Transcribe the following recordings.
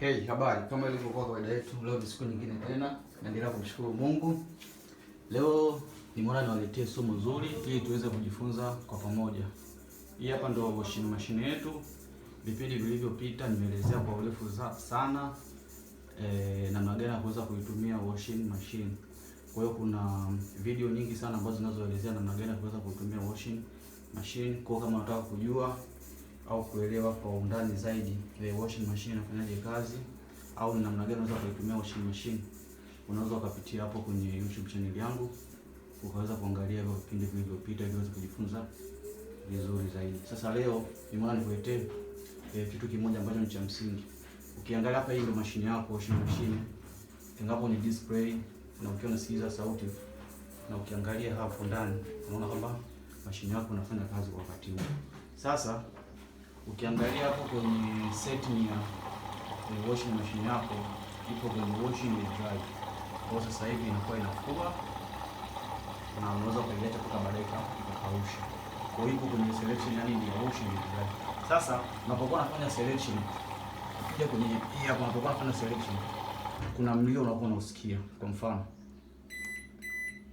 Hey, habari. Kama ilivyokuwa kawaida yetu, leo ni siku nyingine tena, naendelea kumshukuru Mungu. Leo nimeona niwaletee somo zuri ili tuweze kujifunza kwa pamoja. Hii hapa ndio washing machine yetu. Vipindi vilivyopita nimeelezea kwa urefu sana e, namna gani ya kuweza kuitumia washing machine. Kwa hiyo kuna video nyingi sana ambazo zinazoelezea namna gani ya kuweza kuitumia washing machine. Kwa kama unataka kujua au kuelewa kwa undani zaidi washing machine inafanyaje kazi au ni namna gani unaweza kuitumia washing machine, unaweza ukapitia hapo kwenye YouTube channel yangu ukaweza kuangalia hivyo vipindi vilivyopita ili uweze kujifunza vizuri zaidi. Sasa leo nimeona nikuletee eh, kitu kimoja ambacho ni cha msingi. Ukiangalia hapa, hii ndio mashine yako washing machine, ingapo ni display, na ukiwa unasikiliza sauti na ukiangalia hapo ndani, unaona kwamba mashine yako inafanya kazi kwa wakati huo. sasa Ukiangalia hapo kwenye setting ya washing machine yako ipo kwenye washing and dry. Kwa sasa hivi inakuwa inafua na unaweza kuiacha mpaka baadaye ikakausha. Kwa hiyo ipo kwenye selection yani ni washing and dry. Sasa unapokuwa unafanya selection, ukija kwenye hii hapo unapokuwa unafanya selection, kuna mlio unakuwa unausikia. Kwa mfano,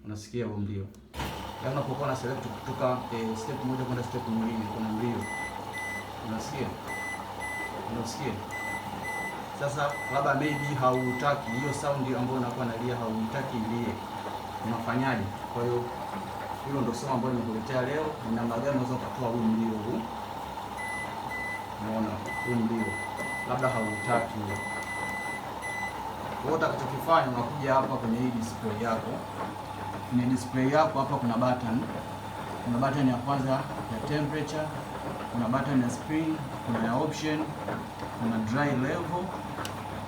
unasikia huo mlio. Yaani unapokuwa na select kutoka eh, step moja kwenda step nyingine kuna mlio. Unasikia? Unasikia? Sasa labda maybe hautaki hiyo saundi ambayo unakuwa nalia, hautaki ilie, unafanyaje? Kwa hiyo hilo ndio somo ambalo nimekuletea leo, ni namna gani unaweza kutoa huu mlio huu. Unaona huu mlio labda hautaki wewe, Kwa utakachokifanya unakuja hapa kwenye hii display yako. Kwenye display yako hapa kuna button, kuna button ya kwanza ya temperature kuna button ya spring, kuna ya option, kuna dry level,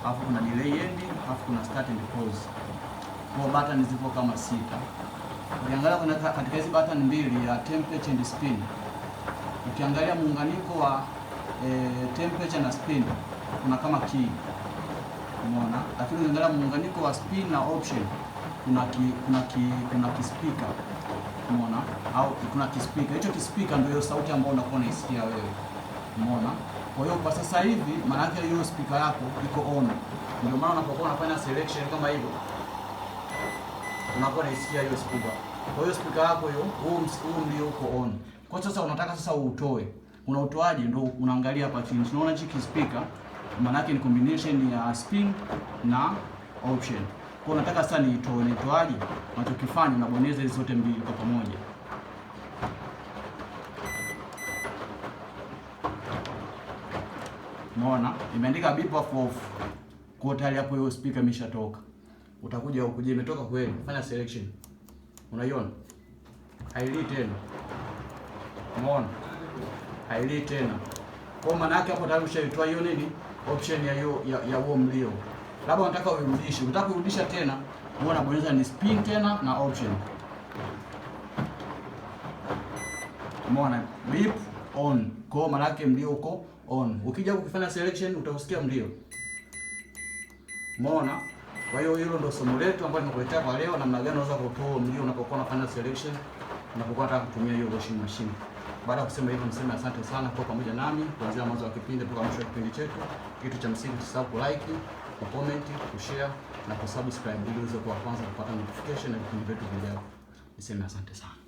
alafu kuna delay end, alafu kuna start and pause. Kwa button zipo kama sita. Ukiangalia kuna katika hizi button mbili ya temperature and spin. Ukiangalia muunganiko wa e, temperature na spin kuna kama key. Umeona? Lakini ukiangalia muunganiko wa spin na option kuna ki, kuna ki, kuna kispika umeona, au kuna kispika. Hicho kispika ndio hiyo sauti ambayo unakuwa unaisikia wewe, umeona. Kwa hiyo kwa sasa hivi maana yake hiyo spika yako iko on, ndio maana unapokuwa unafanya selection kama hivyo unakuwa unaisikia hiyo spika. Kwa hiyo spika yako hiyo, huu ndio uko on. Kwa sasa unataka sasa uutoe, unautoaje? Ndio unaangalia hapa chini, unaona hiki kispika maana yake ni combination ya spin na option. Kwa nataka sasa niitoe, nitoaje? Unachokifanya unabonyeza hizo zote mbili kwa pamoja. Umeona? Imeandika beep off off. Kwa tayari hapo hiyo speaker imeshatoka. Utakuja huko, je, imetoka kweli? Fanya selection. Unaiona? Hailii tena. Umeona? Hailii tena. Kwa maana yake hapo tayari ushaitoa hiyo nini? Option ya hiyo ya, ya huo mlio labda unataka uirudishe, unataka kurudisha tena, huwa unabonyeza ni spin tena na option. Umeona beep on, kwa maana yake mlio uko on. Ukija kufanya selection utausikia mlio. Umeona? Kwa hiyo hilo ndio somo letu ambalo nimekuletea kwa leo, namna gani unaweza kutoa mlio unapokuwa unafanya selection, unapokuwa unataka kutumia hiyo washing machine. Baada ya kusema hivyo, niseme asante sana kwa pamoja nami kuanzia mwanzo wa kipindi mpaka mwisho wa kipindi chetu. Kitu cha msingi usisahau kulike kucomment, kushare na kusubscribe ili uweze kuwa kwanza kupata notification na vipindi vyetu vijavyo. Niseme asante sana.